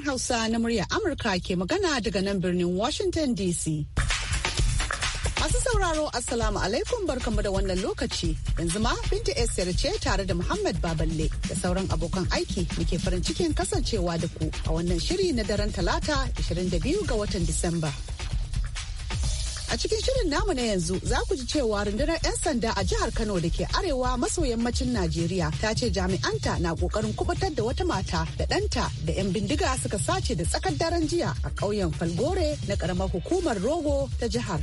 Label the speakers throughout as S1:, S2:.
S1: sashen Hausa na murya Amurka ke magana daga nan birnin Washington DC. Masu sauraro Assalamu alaikum barkamu da wannan lokaci yanzu ma Binta Esther ce tare da Muhammad Baballe da sauran abokan aiki muke farin cikin kasancewa da ku a wannan shiri na daren talata 22 ga watan Disamba. A cikin shirin namu na yanzu za ku ji cewa rundunar 'yan sanda a jihar Kano da ke arewa maso yammacin Najeriya ta ce jami'anta na kokarin kubutar da wata mata da ɗanta da 'yan bindiga suka sace da tsakar daren jiya a ƙauyen Falgore na ƙaramar hukumar Rogo ta jihar.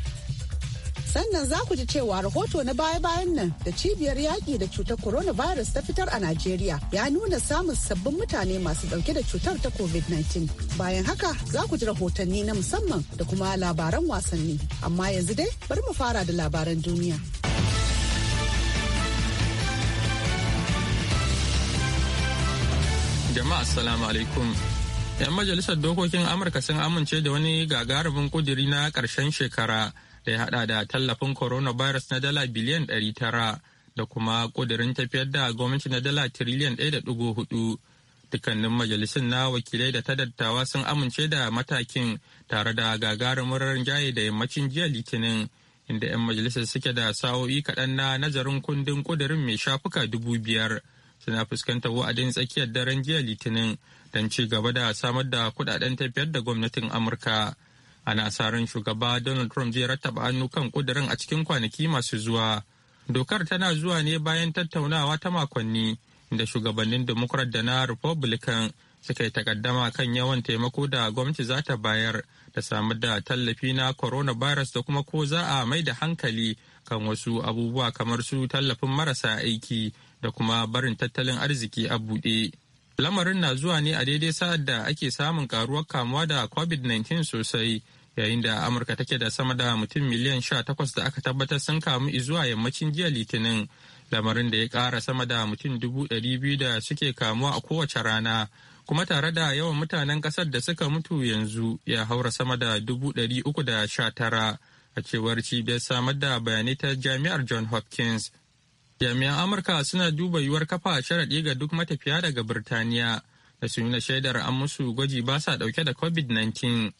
S1: sannan za ku ji cewa rahoto na baya-bayan nan da cibiyar yaƙi da cutar coronavirus ta fitar a Najeriya ya nuna samun sabbin mutane masu ɗauke da cutar ta COVID-19. Bayan haka za ku ji rahotanni na musamman da kuma labaran wasanni. Amma yanzu dai bari mu fara da labaran duniya.
S2: Jama'a Assalamu alaikum. 'Yan majalisar dokokin Amurka sun amince da wani gagarumin kudiri na karshen shekara da ya hada da tallafin coronavirus na dala biliyan 900 da kuma kudirin tafiyar da gwamnati na dala tiriliyan 1.4 dukkanin majalisun na wakilai da ta dattawa sun amince da matakin tare da gagarumin rinjaye da yammacin jiya litinin inda 'yan majalisar suke da sa'o'i kaɗan na nazarin kundin kudirin mai shafuka dubu biyar suna fuskantar wa'adin tsakiyar daren jiya litinin don ci gaba da samar da kudaden tafiyar da gwamnatin amurka ana sa shugaba donald trump zai rattaba hannu kan kudirin a cikin kwanaki masu zuwa dokar tana zuwa ne bayan tattaunawa ta makonni da shugabannin democrat da na republican suka yi takaddama kan yawan taimako da gwamnati za ta bayar da samu da tallafi na coronavirus da kuma ko za a mai da hankali kan wasu abubuwa kamar su tallafin marasa aiki da kuma barin tattalin arziki a buɗe. Lamarin na zuwa ne a daidai sa'ad da ake samun karuwar kamuwa da COVID-19 sosai yayin da amurka take da sama da mutum miliyan sha takwas da aka tabbatar sun kamu zuwa yammacin jiya litinin lamarin da ya kara sama da mutum dubu ɗari biyu da suke kamuwa a kowace rana kuma tare da yawan mutanen ƙasar da suka mutu yanzu ya haura sama da dubu ɗari uku da sha tara a cewar cibiyar samar da bayanai ta jami'ar john hopkins jami'an amurka suna duba yiwuwar kafa sharaɗi ga duk matafiya daga birtaniya da su nuna shaidar an musu gwaji ba sa ɗauke da covid-19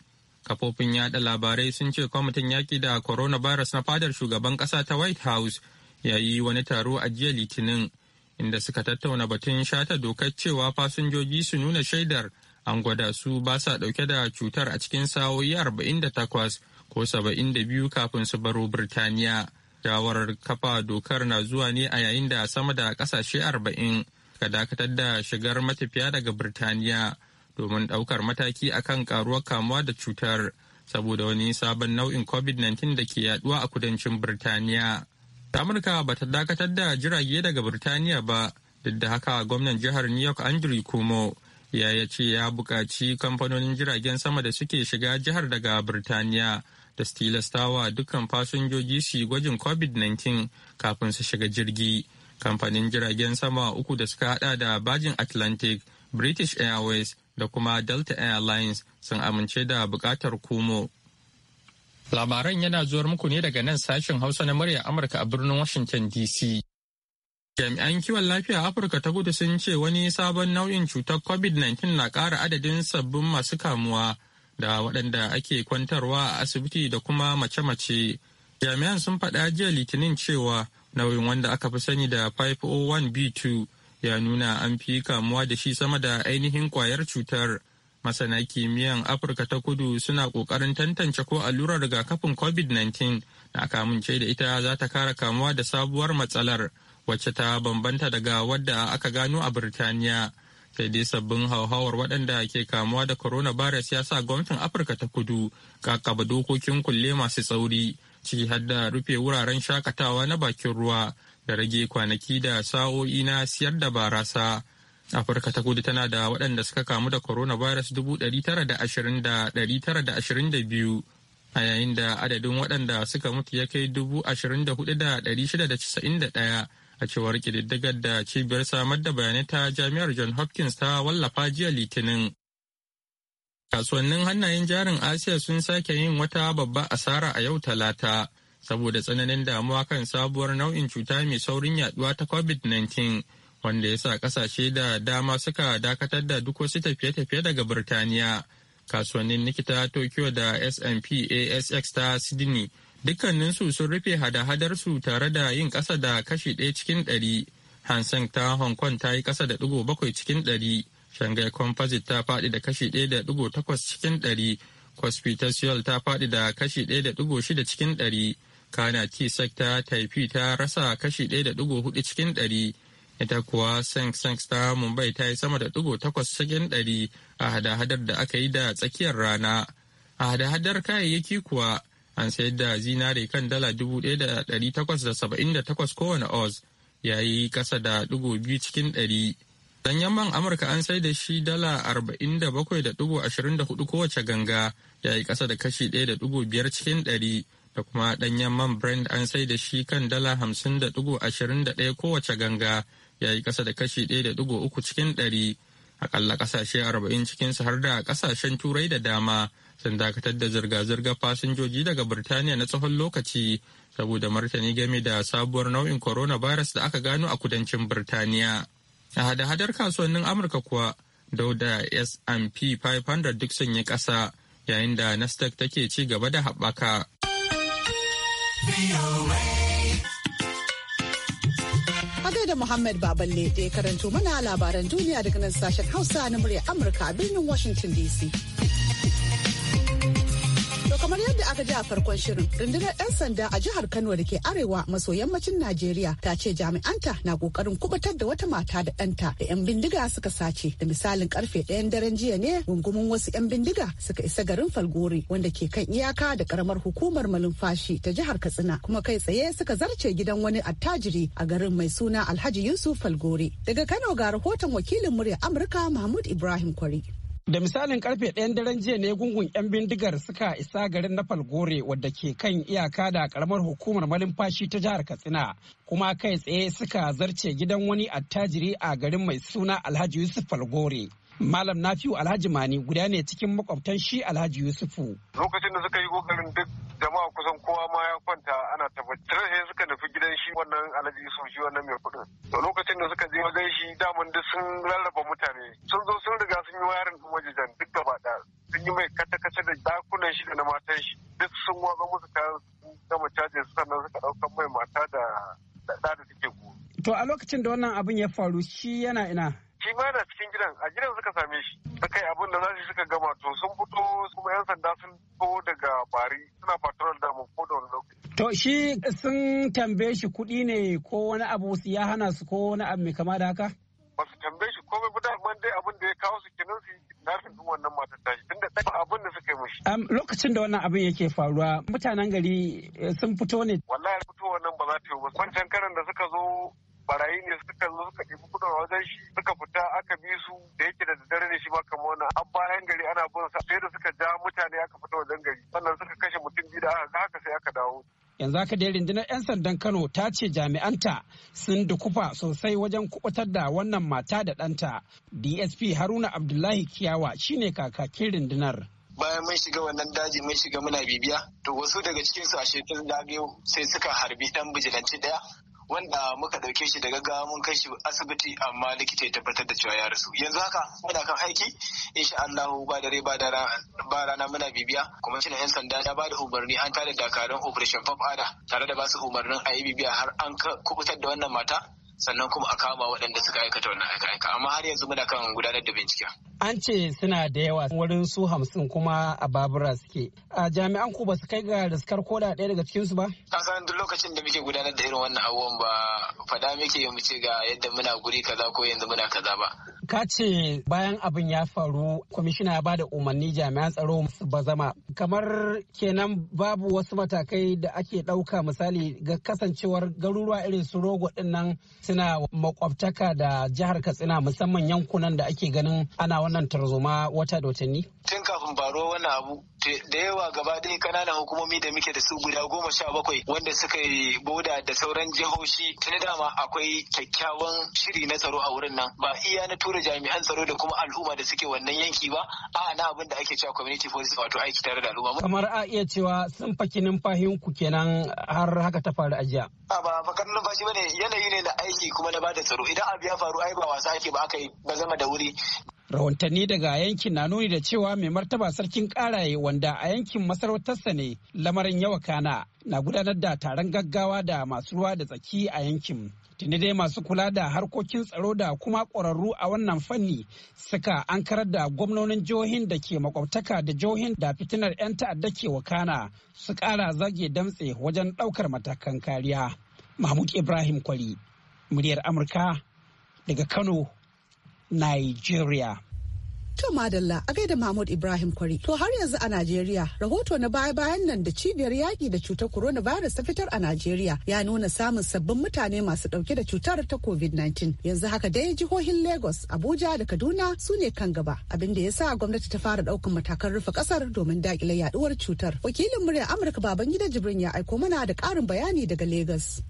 S2: Kafofin yaɗa labarai sun ce kwamitin yaƙi da coronavirus na fadar shugaban ƙasa ta White House ya yi wani taro a jiya Litinin inda suka tattauna batun shata dokar cewa fasinjoji su nuna shaidar an gwada su ba sa ɗauke da cutar a cikin sa'o'i 48 ko saba'in da biyu kafin su baro Birtaniya. Shawarar kafa dokar na zuwa ne a yayin da sama da ƙasashe arba'in ka dakatar da shigar matafiya daga Birtaniya domin ɗaukar mataki akan karuwar kamuwa da cutar saboda wani sabon nau'in covid-19 da ke yaduwa a kudancin birtaniya amurka ba ta dakatar da jirage daga birtaniya ba duk da haka gwamnan jihar new york andrew kumo ya ya ce ya buƙaci kamfanonin jiragen sama da suke shiga jihar daga birtaniya da stilastawa tilastawa dukkan fasinjoji su gwajin covid-19 kafin su shiga jirgi kamfanin jiragen sama uku da suka hada da bajin atlantic british airways da kuma Delta Airlines sun amince da bukatar Kumo. Labaran yana zuwar muku ne daga nan sashen Hausa na murya Amurka a birnin Washington DC. Jami'an kiwon lafiya Afirka ta gudu sun ce wani sabon nau'in cutar COVID-19 na ƙara adadin sabbin masu kamuwa da waɗanda ake kwantarwa a asibiti da kuma mace-mace. Jami'an sun faɗa jiya Litinin cewa nauyin wanda aka fi sani da 501b2 ya nuna an fi kamuwa da shi sama da ainihin kwayar cutar. Masana kimiyyan Afirka ta kudu suna ƙoƙarin tantance ko allurar rigakafin COVID-19 na kamunce da ita za ta kara kamuwa da sabuwar matsalar wacce ta bambanta daga wadda aka gano a Birtaniya. sai dai sabbin hauhawar waɗanda ke kamuwa da coronavirus ya sa gwamnatin afirka ta kudu kakaba dokokin kulle masu tsauri ciki har da rufe wuraren shakatawa na bakin ruwa da rage kwanaki da sa'o'i na siyar da barasa afirka ta kudu tana da waɗanda suka kamu da coronavirus 920,922 a yayin da adadin waɗanda suka mutu ya kai 24,691 a cewar ƙididdigar da cibiyar samar da bayanai ta jami'ar john hopkins ta wallafa jiya litinin kasuwannin hannayen jarin asiya sun sake yin wata babba asara a yau talata saboda tsananin damuwa kan sabuwar nau'in cuta mai saurin yaduwa ta covid-19 wanda ya sa kasashe da dama suka dakatar da duk wasu tafiye-tafiye daga birtaniya kasuwannin nikita tokyo da smp asx ta sydney dukkaninsu sun rufe hada-hadarsu tare da yin ƙasa da kashi ɗaya cikin ɗari hansen ta hong kong ta yi kasa da ɗigo bakwai cikin ɗari shanghai composite ta faɗi da kashi ɗaya da ɗigo takwas cikin ɗari cosby ta ta faɗi da kashi ɗaya da ɗigo shida cikin ɗari kana tsec ta taifi ta rasa kashi 1.4 cikin 100 ita kuwa sensex ta mumbai ta yi sama da digo takwas cikin ɗari a hada-hadar da aka yi da tsakiyar rana a hada-hadar kayayyaki kuwa an sayar da zinare kan dala 1,878 kowane oz ya yi kasa da digo biyu cikin ɗari Dan man amurka an sai da shi dala 47.24 kowace ganga ya yi kasa da kashi 1.5 cikin ɗari da kuma ɗanyen man brand an sai da shi kan dala hamsin da ɗigo ashirin da ɗaya kowace ganga ya yi ƙasa da kashi ɗaya da ɗigo uku cikin ɗari akalla ƙasashe arba'in cikinsu har da ƙasashen turai da dama sun dakatar da zirga-zirga fasinjoji daga Birtaniya na tsawon lokaci saboda martani game da sabuwar nau'in coronavirus da aka gano a kudancin Birtaniya. A hada-hadar kasuwannin Amurka kuwa, dauda S&P 500 duk sun yi ƙasa yayin da Nasdaq take ci gaba da haɓaka.
S1: Hagai da Muhammad Baballe da ya karanto mana labaran duniya daga nan sashen Hausa na murya Amurka a birnin Washington DC. Kamar yadda aka ji a farkon shirin, rundunar 'yan sanda a jihar Kano da ke arewa maso yammacin Najeriya ta ce jami'anta na kokarin kubutar da wata mata da ɗanta da 'yan bindiga suka sace da misalin karfe ɗayan daren jiya ne gungumin wasu 'yan bindiga suka isa garin Falgore wanda ke kan iyaka da karamar hukumar malumfashi ta jihar Katsina kuma kai tsaye suka zarce gidan wani attajiri a garin mai suna Alhaji Yusuf Falgore. Daga Kano ga rahoton wakilin murya Amurka Mahmud Ibrahim
S3: Kwari. Da misalin karfe ɗayan daren jiya ne gungun 'yan bindigar suka isa garin na Falgore wadda ke kan iyaka da karamar hukumar malumfashi ta jihar Katsina kuma kai tsaye suka zarce gidan wani attajiri a garin mai suna Alhaji Yusuf Falgore. Malam Nafiu Alhaji Mani guda ne cikin makwabtan shi Alhaji Yusufu. Lokacin da suka
S4: yi kokarin duk jama'a kusan kowa ma ya kwanta ana tabbatar shi wannan alaji sun shi wannan mai kuɗin to lokacin da suka je wajen shi daman duk sun rarraba mutane sun zo sun riga sun yi wayarin ɗin wajejen duk gaba ɗaya sun yi mai kace-kace da dakunan shi da na matan shi duk sun watsa musu kayan gama su sannan suka ɗaukan mai mata da da da suke ku.
S3: to a lokacin da wannan abin ya faru shi yana ina
S4: shi ma yana cikin gidan a gidan suka same shi suka yi abin da za su suka gama to sun fito kuma yan sanda sun
S3: To shi sun tambaye shi kuɗi ne ko wani abu ya hana su ko wani abu mai kama da haka? Ba su tambaye shi komai ba daman dai abin da ya
S4: kawo su kinan su na din wannan matar tashi tun da ɗaya abin da suka yi
S3: mishi. lokacin da wannan abin yake faruwa mutanen gari eh, sun fito ne.
S4: Wallahi fitowar nan ba za ta yi ba. Wancan karan da suka zo barayi ne suka zo suka ɗibi kudin wajen shi suka fita aka bi su da yake da dare ne shi ba kamar wannan an bayan gari ana bin sa sai da suka ja mutane aka fita wajen gari sannan suka kashe mutum biyu da aka haka sai aka
S3: dawo yanzu haka dai rundunar 'yan sandan kano ta ce jami'anta sun dukufa sosai wajen kubutar da wannan mata da ɗanta dsp haruna abdullahi kiyawa shine kakakin rundunar
S4: bayan mun shiga wannan daji mun shiga muna bibiya to wasu daga cikin su a shekarun zagayo sai suka harbi dan bijilanci daya wanda muka dauke shi da gaggawa mun kai shi asibiti amma likita ya tabbatar da cewa ya rasu yanzu haka muna kan aiki insha Allah ba dare ba rana muna bibiya kuma shi yan sanda ya bada umarni an da dakarun operation pop ada tare da basu umarnin a yi bibiya har an kubutar da wannan mata sannan kuma a kama waɗanda suka aikata wannan aika-aika amma har yanzu muna kan gudanar da binciken.
S3: an ce suna da yawa wurin su hamsin kuma a babura suke a jami'an ku ba su kai ga riskar koda ɗaya daga cikinsu ba
S4: A san duk lokacin da muke gudanar da irin wannan abubuwan ba fada muke mu ce ga yadda muna guri kaza ko yanzu muna kaza ba
S3: ka ce bayan abin ya faru kwamishina ya bada umarni jami'an tsaro ba zama kamar kenan babu wasu matakai da ake ɗauka misali ga kasancewar garuruwa irin su rogo ɗin nan suna makwabtaka da jihar katsina musamman yankunan da ake ganin ana wannan tarzoma wata da watanni?
S4: Tun kafin baro wannan abu da yawa gaba ɗaya kananan hukumomi da muke da su guda goma sha bakwai wanda suka yi boda da sauran jihohi da dama akwai kyakkyawan shiri na tsaro a wurin nan ba iya na tura jami'an tsaro da kuma al'umma da suke wannan yanki ba a na abin da ake cewa community police wato aiki tare da al'umma. kamar
S3: a iya cewa sun faki numfashin ku kenan har haka ta faru a jiya.
S4: a ba fakar numfashi bane yanayi ne na aiki kuma na bada tsaro idan abu ya faru ai ba wasa ake ba aka yi ba zama da wuri.
S3: Rawantanni daga yankin na nuni da cewa mai martaba sarkin karaye wanda wanda a yankin masarautarsa ne lamarin yawa kana na gudanar da taron gaggawa da masu ruwa da tsaki a yankin. Tuni dai masu kula da harkokin tsaro da kuma ƙwararru a wannan fanni suka ankarar da gwamnonin jihohin da ke makwabtaka da jihohin da fitinar 'yan ta'adda ke wakana su ƙara zage damtse wajen ɗaukar matakan kariya. Mahmud Ibrahim Kwari, muryar Amurka daga Kano, Nigeria.
S1: To Madalla a gaida Mahmud Ibrahim Kwari. To har yanzu a Najeriya rahoto na baya-bayan nan da cibiyar yaƙi da cutar coronavirus ta fitar a Najeriya ya nuna samun sabbin mutane masu ɗauke da cutar ta COVID-19. Yanzu haka dai jihohin Lagos, Abuja da Kaduna su ne kan gaba abin da ya sa gwamnati ta fara ɗaukan matakan rufe ƙasar domin daƙile yaɗuwar cutar. Wakilin muryar Amurka Babangida Jibrin ya aiko mana da ƙarin bayani daga Lagos.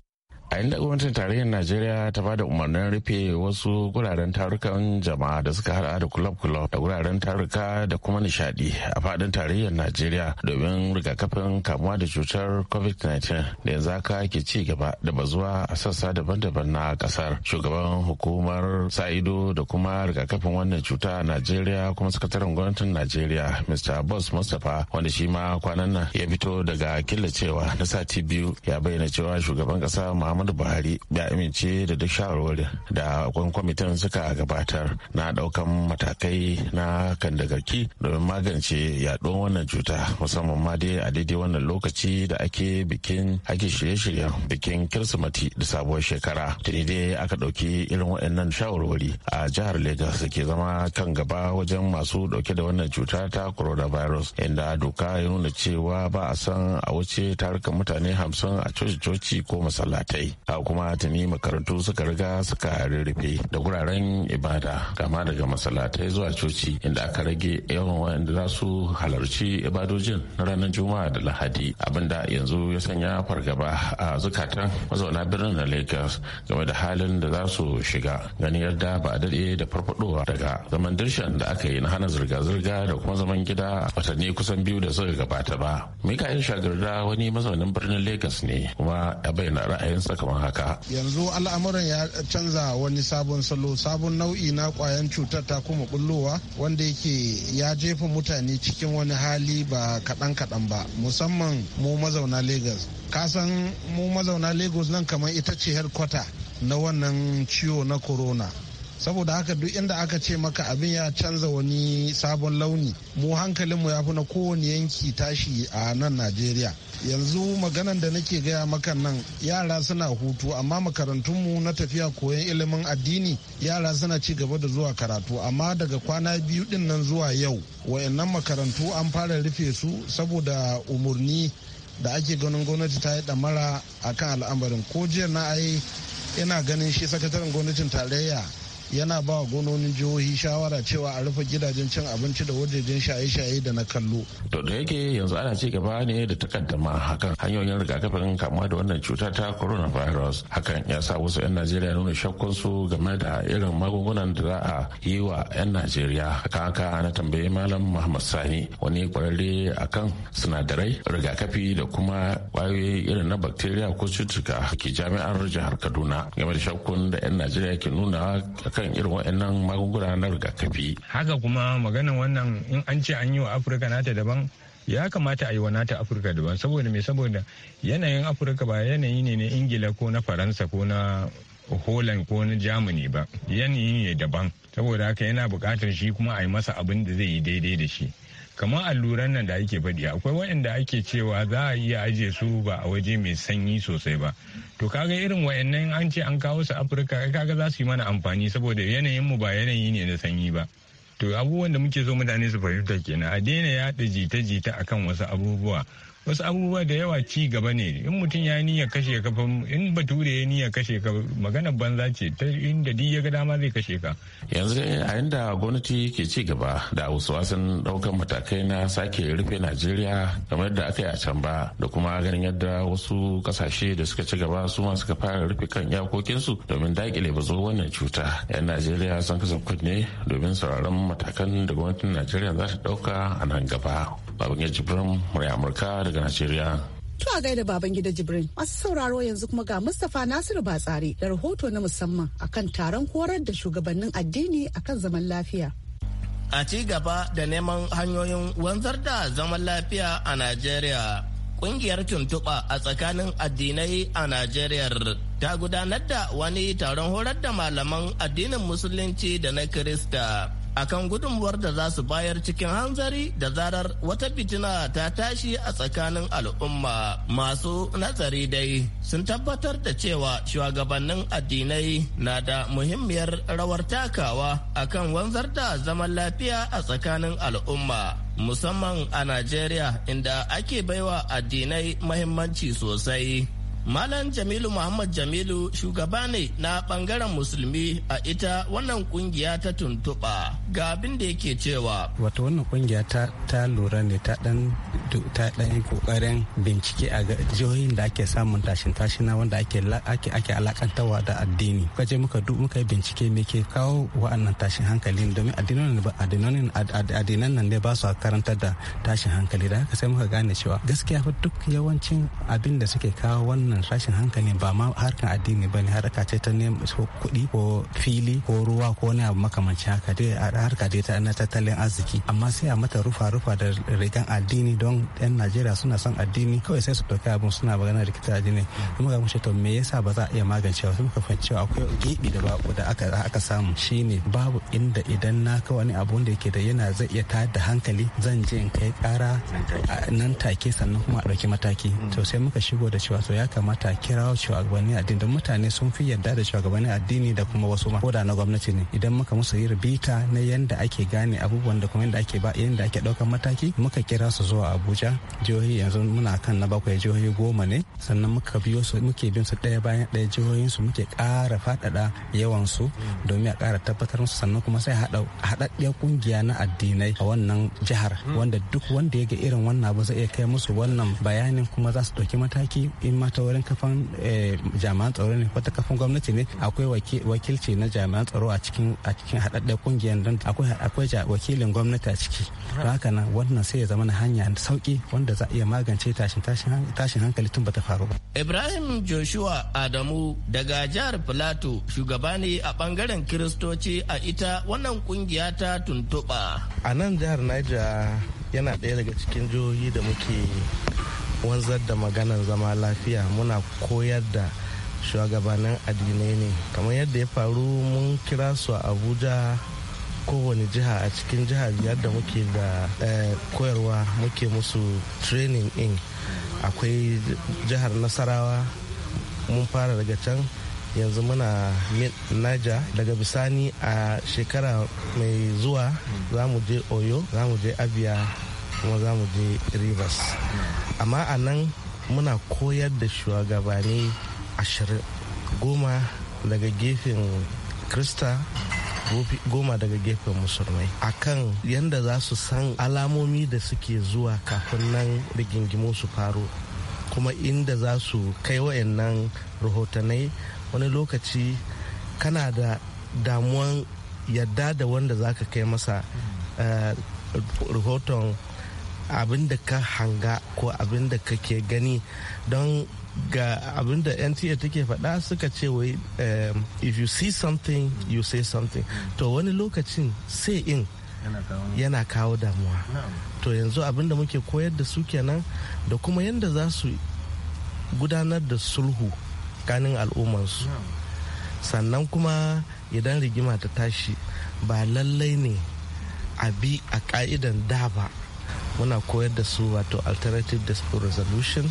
S5: a inda gwamnatin tarayyar najeriya ta bada umarnin rufe wasu guraren tarukan jama'a da suka hada da kulab-kulab da guraren taruka da kuma nishadi a fadin tarayyar najeriya domin rigakafin kamuwa da cutar covid-19 da yanzu aka ke ci gaba da bazuwa a sassa daban-daban na kasar shugaban hukumar sa'ido da kuma rigakafin wannan cuta a najeriya kuma sakataren gwamnatin najeriya mr boss mustapha wanda shi ma kwanan nan ya fito daga killacewa na sati biyu ya bayyana cewa shugaban kasa muhammadu muhammadu buhari ya amince da duk shawarwari da kwamitin suka gabatar na daukan matakai na kandagarki domin magance yaɗuwar wannan cuta musamman ma dai a daidai wannan lokaci da ake bikin ake shirye-shiryen bikin kirsimati da sabuwar shekara tuni dai aka ɗauki irin waɗannan shawarwari a jihar Legas da ke zama kan gaba wajen masu ɗauke da wannan cuta ta coronavirus inda doka ya nuna cewa ba a san a wuce tarukan mutane hamsin a coci-coci ko masallatai yi a kuma tuni makarantu suka riga suka rurrufe da guraren ibada kama daga masallatai zuwa coci inda aka rage yawan wanda za su halarci ibadojin na ranar juma'a da lahadi abinda yanzu ya sanya fargaba a zukatan mazauna birnin na lagos game da halin da za su shiga ganin yadda ba a daɗe da farfadowa daga zaman dirshan da aka yi na hana zirga-zirga da kuma zaman gida watanni kusan biyu da suka gabata ba yin shagarda wani mazaunin birnin lagos ne kuma ya bayyana ra'ayinsa kamar haka yanzu al'amuran
S6: ya canza wani sabon salo sabon nau'i na kwayan cutar ta kuma bullowa wanda yake ya jefa mutane cikin wani hali ba kaɗan kaɗan ba musamman mu mazauna lagos kasan mu mazauna lagos nan kamar ita ce kwata na wannan ciwo na corona saboda haka duk inda aka ce maka abin ya canza wani sabon launi mu hankalinmu ya fi na kowane yanki tashi a nan najeriya yanzu maganan da nake gaya maka nan yara suna hutu amma makarantunmu na tafiya koyon ilimin addini yara suna ci gaba da zuwa karatu amma daga kwana biyu din nan zuwa yau wayannan makarantu an fara rufe su saboda umarni da ake ganin gwamnati ta yi damara akan al'amarin ko jiya na ai ina ganin shi sakataren gwamnatin tarayya yana ba gononin jihohi shawara cewa a rufe gidajen cin abinci da wajejen shaye-shaye da na kallo.
S5: To da yake yanzu ana ci gaba ne da takaddama hakan hanyoyin rigakafin kamuwa da wannan cuta ta coronavirus hakan ya sa wasu 'yan Najeriya nuna shakkunsu game da irin magungunan da za a yi wa 'yan Najeriya kan haka na tambayi Malam Muhammad Sani wani kwararre a kan sinadarai rigakafi da kuma kwayoyi irin na bakteriya ko cutuka ke jami'ar jihar Kaduna game da shakkun da 'yan Najeriya ke nuna kan irin waɗannan magunguna na rigakafi.
S2: Haka kuma maganin wannan in an ce an yi wa Afirka nata daban ya kamata a yi wa nata Afirka daban saboda me saboda yanayin Afirka ba yanayi ne na Ingila ko na Faransa ko na Holland ko na Germany ba yanayi ne daban saboda haka yana buƙatar shi kuma a yi masa abin da zai yi daidai da shi. kamar alluran nan da ake faɗi akwai waɗanda ake cewa za a iya ajiye su ba a waje mai sanyi sosai ba to kaga irin waɗannan an ce an kawo su afirka kaga za su yi mana amfani saboda yanayin mu ba yanayi ne na sanyi ba to abubuwan da muke so mutane su fahimta kenan a daina yaɗa jita-jita akan wasu abubuwa wasu abubuwa da yawa ci gaba ne in mutum ya niya kashe ka in bature ya niya kashe ka magana banza ce ta inda duk ya ga dama zai kashe ka yanzu a
S5: inda gwamnati ke ci gaba da wasan daukan matakai na sake rufe najeriya kamar da aka yi a can ba da kuma ganin yadda wasu kasashe da suka ci gaba su ma suka fara rufe kan iyakokinsu domin dakile zo wannan cuta yan najeriya sun kasa kunne domin sauraron matakan da gwamnatin najeriya za ta dauka a nan gaba baban jibrin murai amurka daga najeriya
S1: To a gaida baban gida Jibrin masu sauraro yanzu kuma ga Mustapha Nasiru Batsari da rahoto na musamman akan taron horar da shugabannin addini akan zaman lafiya.
S7: A ci gaba da neman hanyoyin wanzar da zaman lafiya a Najeriya, kungiyar tuntuɓa a tsakanin addinai a Najeriya ta gudanar da wani taron horar da malaman addinin Musulunci da na Kirista. akan gudunmuwar da za su bayar cikin hanzari da zarar wata fitina ta tashi a tsakanin al'umma masu nazari dai sun tabbatar da cewa shugabannin addinai na da muhimmiyar rawar takawa akan wanzar da zaman lafiya a tsakanin al'umma musamman a najeriya inda ake baiwa addinai mahimmanci sosai Malam Jamilu Muhammad Jamilu shugaba ne na bangaren musulmi a ita wannan kungiya ta tuntuɓa ga abin da yake
S8: cewa. Wata wannan kungiya ta, lura ne ta ɗan yi ƙoƙarin bincike a jihohin da ake samun tashin tashina wanda ake alakantawa da addini. je muka duk muka bincike me ke kawo wa'annan tashin hankali domin addinan nan ne ba su karantar da tashin hankali da haka sai muka gane cewa gaskiya fa duk yawancin abin da suke kawo wannan wannan rashin hankali ba ma harkar addini ba ne harka ce ta neman kuɗi ko fili ko ruwa ko wani abu makamancin haka dai harka dai ta na tattalin arziki amma sai a mata rufa rufa da rigan addini don yan najeriya suna son addini kawai sai su ɗauki abin suna da rikitar addini kuma ga mushe to me yasa ba za a iya magancewa ba muka fahimci cewa akwai gibi da bako da aka samu shine babu inda idan na ka wani abu da yake da yana zai iya tayar da hankali zan je in kai kara nan take sannan kuma a ɗauki mataki mm. to sai muka shigo da cewa to ya kama kamata kira shugabanni addini don mutane sun fi yarda da shugabanni addini da kuma wasu ma koda na gwamnati ne idan muka musu yi bita na yanda ake gane abubuwan da kuma yanda ake ba yanda ake daukan mataki muka kira su zuwa Abuja jihohi yanzu muna kan na bakwai jihohi goma ne sannan muka biyo su muke bin su ɗaya bayan daya jihohin su muke ƙara faɗaɗa yawan su domin a ƙara tabbatar musu sannan kuma sai haɗa haɗaɗɗiyar kungiya na addinai a wannan jihar wanda duk wanda ya ga irin wannan abu zai iya kai musu wannan bayanin kuma za su ɗauki mataki in ma ta wurin kafan eh, jami'an tsaro ne wata kafan gwamnati ne akwai wakilci na jami'an tsaro a cikin a cikin haɗaɗɗen kungiyar don akwai wakilin gwamnati a ciki don haka nan wannan sai ya zama na hanya sauki wanda za a iya magance tashin tashin hankali tun bata faru ba.
S7: Ibrahim Joshua Adamu daga jihar Filato shugaba ne a bangaren Kiristoci a ita wannan kungiya ta tuntuɓa.
S9: A nan jihar Niger yana ɗaya daga cikin jihohi da muke wanzar da maganar zama lafiya muna koyar da shugabannin addinai ne kamar yadda ya faru mun kira su a abuja kowane jiha a cikin jiha biyar da muke da eh, koyarwa muke musu training in akwai jihar nasarawa mun fara daga can yanzu muna naja daga bisani a shekara mai zuwa za mu je oyo za mu je abia kuma za mu je rivers amma a nan muna koyar da shugabanni ashirin goma daga gefen krista goma daga gefen musulmai a kan yadda za su san alamomi da suke zuwa kafin nan rigingimu su faru kuma inda za su kai wayannan rahotanai wani lokaci kana da damuwan yadda da wanda za ka kai masa eh, rahoton abin da ka hanga ko abin da kake gani don ga abin da nta take faɗa suka ce wai um, if you see something you say something to wani lokacin sai in yana kawo damuwa to yanzu abin da muke koyar da su kenan da kuma yadda za su gudanar da sulhu kanin al'ummarsu sannan kuma idan rigima ta tashi ba lallai ne a bi a ka'idan da ba muna koyar da su wato alternative dispute resolution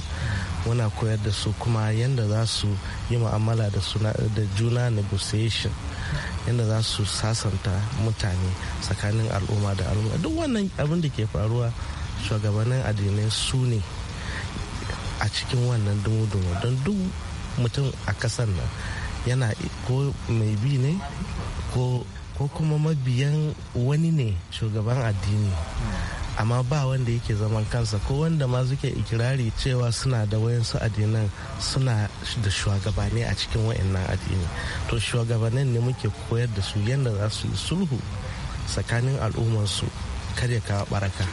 S9: muna koyar da su kuma yadda za su yi mu'amala da juna negotiation yadda za su sasanta mutane tsakanin al'umma da al'umma duk wannan abin da ke faruwa shugabannin addinai su ne a cikin wannan dumu-dumu don duk mutum a kasar nan yana ko mai bi ne ko kuma mabiyan wani ne shugaban addini amma ba wanda yake zaman kansa ko wanda ma suke ikirari cewa suna da wayansu addinan suna da shugabanni a cikin wayannan addini to shugabannin ne muke koyar da su yadda za su yi sulhu tsakanin al'ummarsu kar ya kawo baraka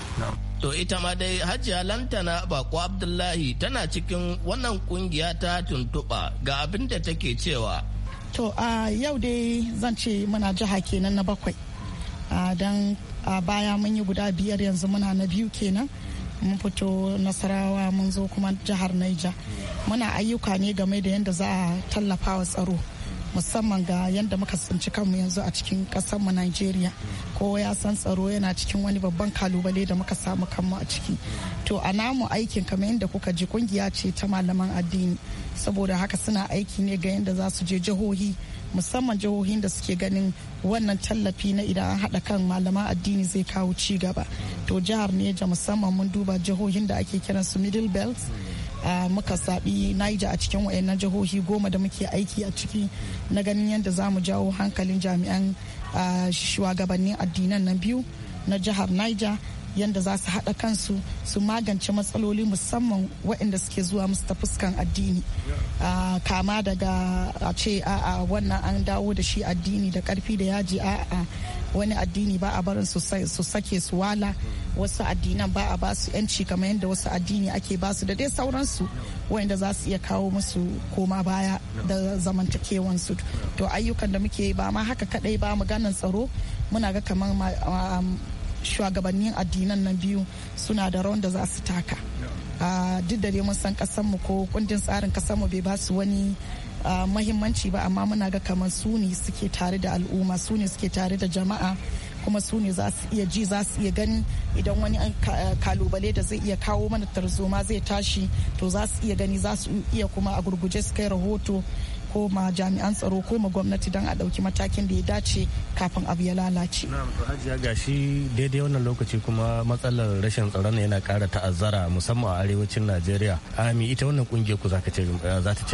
S7: to ita ma dai hajiya lantana bako abdullahi tana cikin wannan kungiya ta tuntuɓa ga abin da take cewa to
S10: a yau dai zan ce muna jiha kenan na bakwai don a baya mun yi guda biyar yanzu muna na biyu kenan mun fito nasarawa mun zo kuma jihar naija muna ayyuka ne game da yadda za a tallafa wa tsaro musamman ga yadda muka tsinci kanmu yanzu a cikin mu nigeria ko ya san tsaro yana cikin wani babban kalubale da muka samu kanmu a ciki to a namu aikin kamar yadda kuka ji kungiya ce ta malaman addini saboda haka suna aiki ne ga yadda za su je jihohi musamman jihohin da suke ganin wannan tallafi na idan an haɗa kan malaman addini zai kawo ci gaba to jihar neja musamman mun duba jihohin da ake kiran su middle belt muka saɓi niger a cikin wayannan jihohi goma da muke aiki a ciki na ganin yadda za mu jawo hankalin jami'an shugabannin addinan na biyu na jihar niger yadda za su haɗa kansu su magance matsaloli musamman waɗanda suke zuwa musu ta fuskan addini ah, kama daga a ce a'a wannan an dawo da shi addini da ƙarfi da yaji a wani addini ba a barin su sake su wala wasu addinan ba a basu yanci kamar yadda wasu addini ake basu da dai sauransu wanda za su iya kawo musu koma baya da zamantakewansu to ayyukan da muke ba ma haka kadai ba maganan tsaro muna ga kamar um, shugabannin addinan nan biyu suna da rawar da za su taka ah, duk da neman mun san mu ko kundin tsarin mu bai ba su wani ah, mahimmanci ba amma muna ga kamar su ne suke tare da al'umma su ne suke tare da jama'a kuma su ne za su iya ji za su iya gani idan wani ah, kalubale da zai iya kawo mana tarzoma zai tashi to za su iya gani za su iya kuma a gurguje su kai rahoto ko ma jami'an tsaro ko ma gwamnati don a ɗauki matakin da ya dace kafin abu ya lalace.
S9: Na'am to ya gashi daidai
S7: wannan lokaci kuma matsalar rashin tsaron yana kara ta'azzara musamman a arewacin Najeriya. Ami ita wannan kungiyar ku za ta ce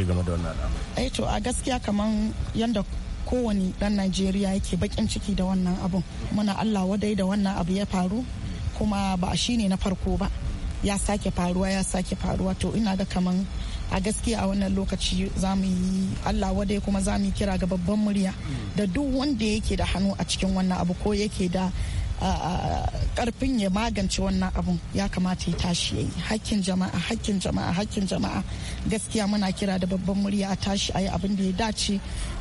S7: game da wannan al'amari.
S10: Eh to a gaskiya kaman yanda kowane dan Najeriya yake bakin ciki da wannan abun. Muna Allah wadai da wannan abu ya faru kuma ba shi ne na farko ba. Ya sake faruwa ya sake faruwa to ina ga kaman a gaskiya a wannan lokaci za mu yi allah wadai kuma za mu yi kira ga babban murya da duk wanda yake da hannu a cikin wannan abu ko yake da karfin ya magance wannan abun ya kamata ya tashi ya yi hakkin jama'a hakkin jama'a hakkin jama'a gaskiya muna kira da babban murya a tashi a yi abin da ya dace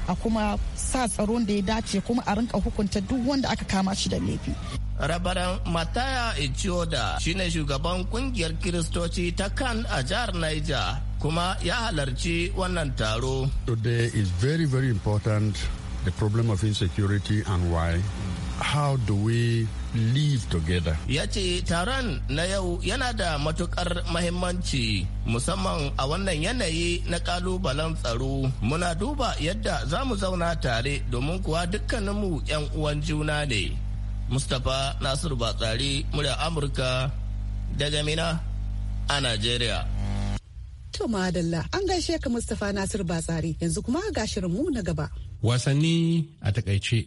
S10: a kuma sa tsaron da ya dace kuma a rinka hukunta duk wanda aka kama shi da laifi
S7: rabaran mataya ichioda shine shugaban kungiyar kiristoci ta kan a jihar niger kuma ya halarci wannan
S5: taro. Today is very very important the problem of insecurity and why. How do we live together?
S7: Ya ce taron na yau yana da matukar mahimmanci musamman a wannan yanayi na kalubalen tsaro. Muna duba yadda za mu zauna tare domin kuwa dukkaninmu 'yan uwan juna ne. Mustapha Nasiru Batsari, murya Amurka daga Mina a Najeriya.
S1: To madalla an gaishe ka Mustapha Nasir Batsari yanzu kuma ga mu na gaba.
S8: Wasanni a takaice.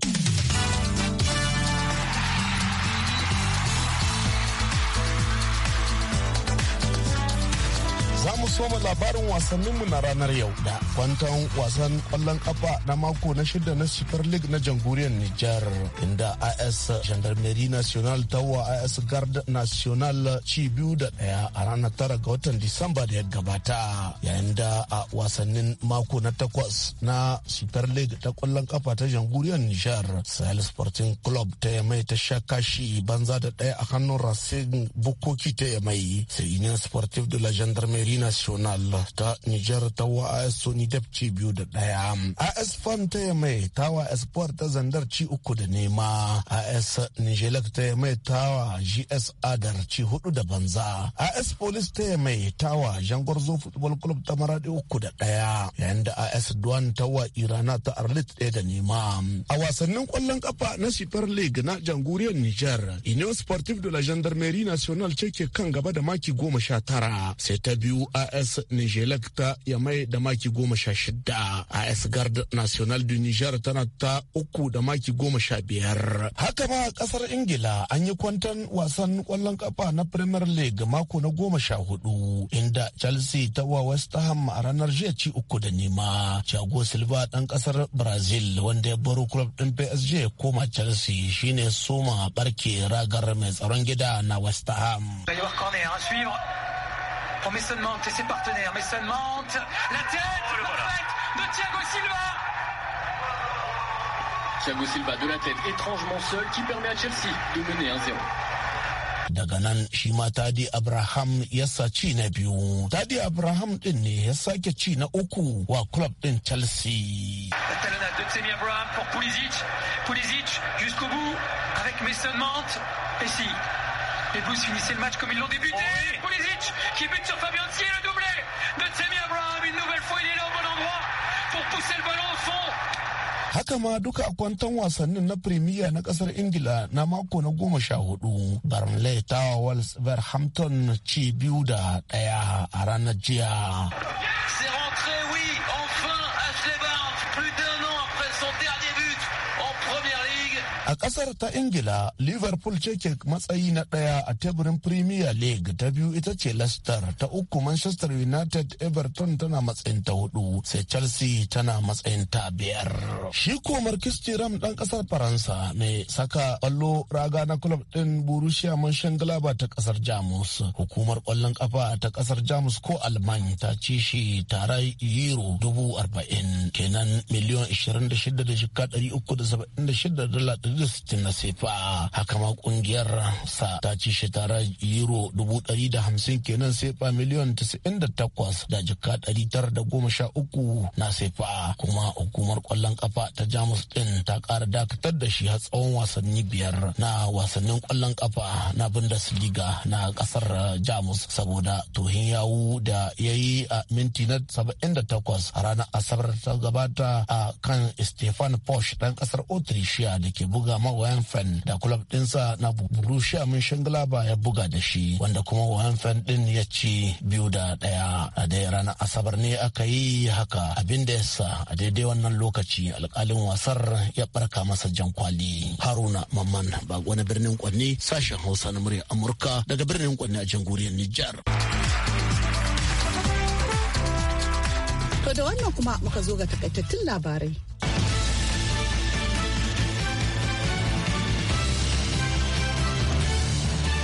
S6: mu labarin wasanninmu na ranar yau da kwanton wasan kwallon kafa na mako na shida na super league na jamhuriyar Nijar inda AS Gendarmerie National ta wa AS Guard National ci biyu da daya a ranar tara ga watan Disamba da ya gabata yayin da a wasannin mako na takwas na super league ta kwallon kafa ta jamhuriyar Nijar Sahel Sporting Club ta yamai ta sha kashi banza da daya a hannun Racing Bukoki ta yamai sai Union Sportive de la Gendarmerie National national ta niger ta wa as sony dafci biyu da ɗaya, as fan ta yame ta wa espoir ta zandar ci uku da nema as Nijelak ta yame ta wa gs adar ci hudu da banza as police ta yame ta wa jangorzo football club ta maradi uku da ɗaya, yayin da as duan ta wa irana ta arlit ɗaya da nema a wasannin kwallon ƙafa na super league na janguriyar niger union Sportif de la gendarmerie nationale ce ke kan gaba da maki goma sha tara sai ta biyu AS Nijelek ta Yamai da maki goma sha shida. AS Gard National du Niger tana ta uku da maki goma sha biyar. Haka ma kasar Ingila an yi kwantan wasan kwallon kafa na Premier League mako na goma sha hudu inda Chelsea ta wa West Ham a ranar jiya ci uku da nema. Jago Silva dan kasar Brazil wanda ya baro club din PSG ya koma Chelsea shine soma barke ragar mai tsaron gida na West Ham.
S1: Oh, Mason et ses partenaires.
S4: Messon Mante. La tête oh, de Thiago Silva. Thiago Silva de la tête étrangement seul qui permet à Chelsea de mener 1-0.
S6: daga tadi abraham ya est na tadi abraham din ne ya sake ci na uku wa talonnade de
S1: Tsemi
S3: Abraham pour Pulisic Pulisic jusqu'au bout avec Messon Mount et si Les Blues finissaient le match comme ils l'ont débuté. Pulisic qui bute sur Fabien le doublé de Tammy Abraham. Une nouvelle fois, il est là au bon endroit pour pousser le ballon au fond.
S6: haka ma duka a kwantan wasannin na Premier na kasar Ingila na mako na goma sha hudu. Burnley ta Wolves Hampton ci biyu da ɗaya a ranar jiya. A ƙasar ta Ingila, Liverpool ce ke matsayi na ɗaya a teburin Premier League ta biyu ita ce Leicester ta uku Manchester United Everton tana matsayin ta hudu sai Chelsea tana matsayin ta biyar. Shi ko Ram ɗan ƙasar Faransa mai saka ƙwallo raga na club ɗin Borussia Mönchengladbach ta ƙasar Jamus. Hukumar ƙwallon ƙafa ta ƙasar Jamus ko Alman ta ci shi tare euro dubu arba'in kenan miliyan ishirin da shida da jika ɗari uku da saba'in da shida dala ɗari da sittin na sefa haka ma kungiyar sa ta ci shi tara euro dubu dari da hamsin kenan sefa miliyon tasa'in da takwas da jika dari tara da goma sha uku na sefa kuma hukumar kwallon kafa ta jamus din ta kara dakatar da shi har tsawon wasanni biyar na wasannin kwallon kafa na bundesliga na kasar jamus saboda tohin yawu da ya yi a minti na saba'in da takwas ranar asabar ta gabata a kan stefan posh dan kasar otrichia da ke buga wayan fen da club dinsa na Borussia Mönchengladbach ya buga da shi wanda kuma wayan fen din ya ci biyu da daya. a dai ranar Asabar ne aka yi haka abin da yasa a daidai wannan lokaci alkalin wasar ya barka masa jan kwali Haruna Mamman ba na birnin Kwanne sashen Hausa na murya Amurka daga birnin Kwanne a jamhuriyar Nijar.
S1: To da wannan kuma muka zo ga takaitattun labarai.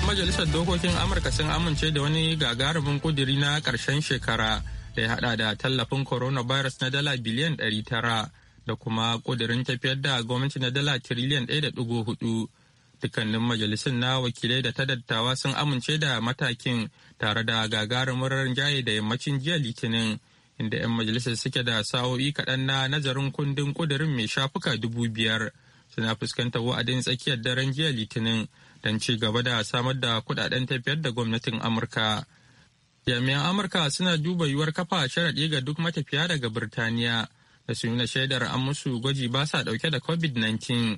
S2: majalisar dokokin amurka sun amince da wani gagarumin kuduri na karshen shekara da ya hada da tallafin coronavirus na dala biliyan 900 da kuma kudirin tafiyar da gwamnati na dala tiriliyan 1.4 dukkanin majalisun na wakilai da ta dattawa sun amince da matakin tare da gagarumin rinjaye da yammacin jiya litinin inda 'yan majalisar suke da sa'o'i kaɗan na nazarin kundin kudirin mai shafuka dubu biyar suna fuskantar wa'adin tsakiyar daren jiya litinin don ci gaba da samar da kudaden tafiyar da gwamnatin amurka jami'an amurka suna duba yiwuwar kafa sharaɗi ga duk matafiya daga birtaniya da su nuna shaidar an musu gwaji ba sa ɗauke da covid-19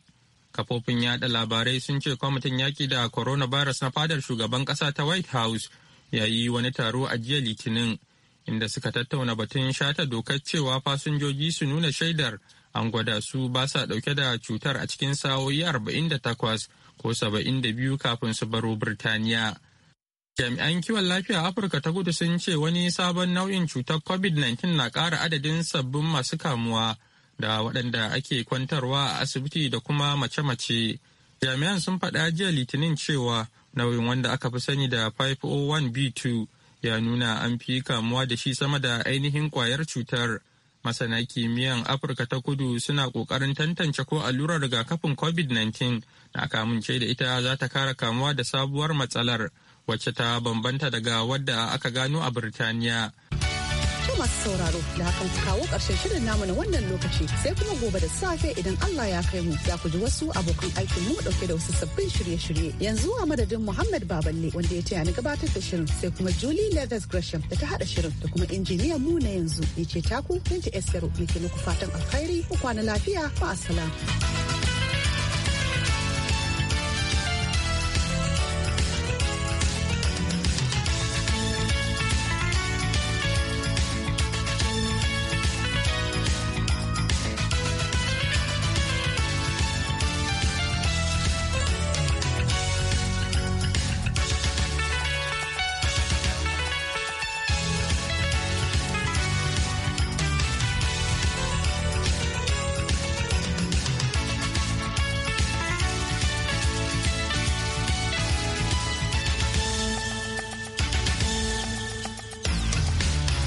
S2: kafofin yaɗa labarai sun ce kwamitin yaƙi da coronavirus na fadar shugaban ƙasa ta white house ya yi wani taro a jiya litinin inda suka tattauna batun shata dokar cewa fasinjoji su nuna shaidar an gwada su ba sa ɗauke da cutar a cikin sa'o'i 48 ko saba'in da biyu kafin su baro Birtaniya. Jami'an kiwon lafiya Afirka ta gudu sun ce wani sabon nau'in cutar COVID-19 na ƙara adadin sabbin masu kamuwa da waɗanda ake kwantarwa a asibiti da kuma mace-mace. Jami'an sun faɗa jiya Litinin cewa nau'in wanda aka fi sani da 501b2 ya nuna an fi kamuwa da shi sama da ainihin kwayar cutar masana kimiyyan afirka ta kudu suna kokarin tantance ko allurar rigakafin covid-19 na kamunce da ita za ta kara kamuwa da sabuwar matsalar wacce ta bambanta daga wadda aka gano a birtaniya
S1: masu sauraro da hakan kawo ƙarshen shirin namu na wannan lokaci sai kuma gobe da safe idan Allah ya kai mu za ku ji wasu abokan aikin mu dauke da wasu sabbin shirye-shirye yanzu a madadin Muhammad Baballe wanda ya taya ni gabatar da shirin sai kuma Julie Leathers Gresham da ta hada shirin da kuma injiniyan mu na yanzu ni ce taku Binta Esero muke muku fatan alkhairi ku kwana lafiya assalamu